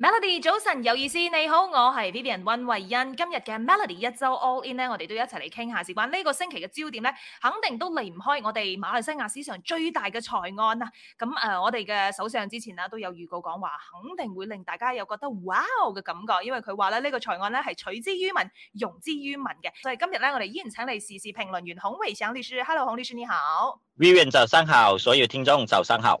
Melody，早晨，有意思，你好，我係 Vivian 溫慧欣。今日嘅 Melody 一周 All In 呢，我哋都一齊嚟傾下事關呢、這個星期嘅焦點咧，肯定都離唔開我哋馬來西亞史上最大嘅財案啊。咁、嗯、誒、呃，我哋嘅首相之前啦都有預告講話，肯定會令大家有覺得哇、wow、嘅感覺，因為佢話咧呢、這個財案咧係取之於民，用之於民嘅。所以今日咧，我哋依然請你時事評論員洪偉翔律師，Hello，孔律師你好，Vivian 早上好，所有聽眾早上好。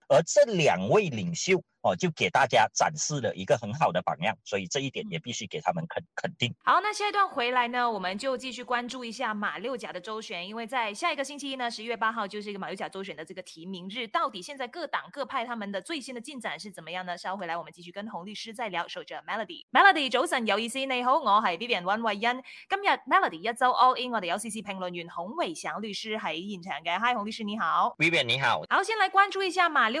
而這兩位領袖哦，就給大家展示了一個很好的榜樣，所以這一點也必須給他們肯肯定。好，那下一段回來呢，我們就繼續關注一下馬六甲的周選，因為在下一個星期一呢，十一月八號就是一個馬六甲周選的這個提名日，到底現在各黨各派他們的最新的進展是怎麼樣呢？稍後回來我們繼續跟洪律師再聊。守着 Melody，Melody，早晨有意思，ian，你好，我係 Vivian 溫偉恩。今日 Melody 一周 All In，我哋有時事評論員洪偉翔律師喺現場嘅，嗨，洪律師你好，Vivian 你好。好，先來關注一下馬六。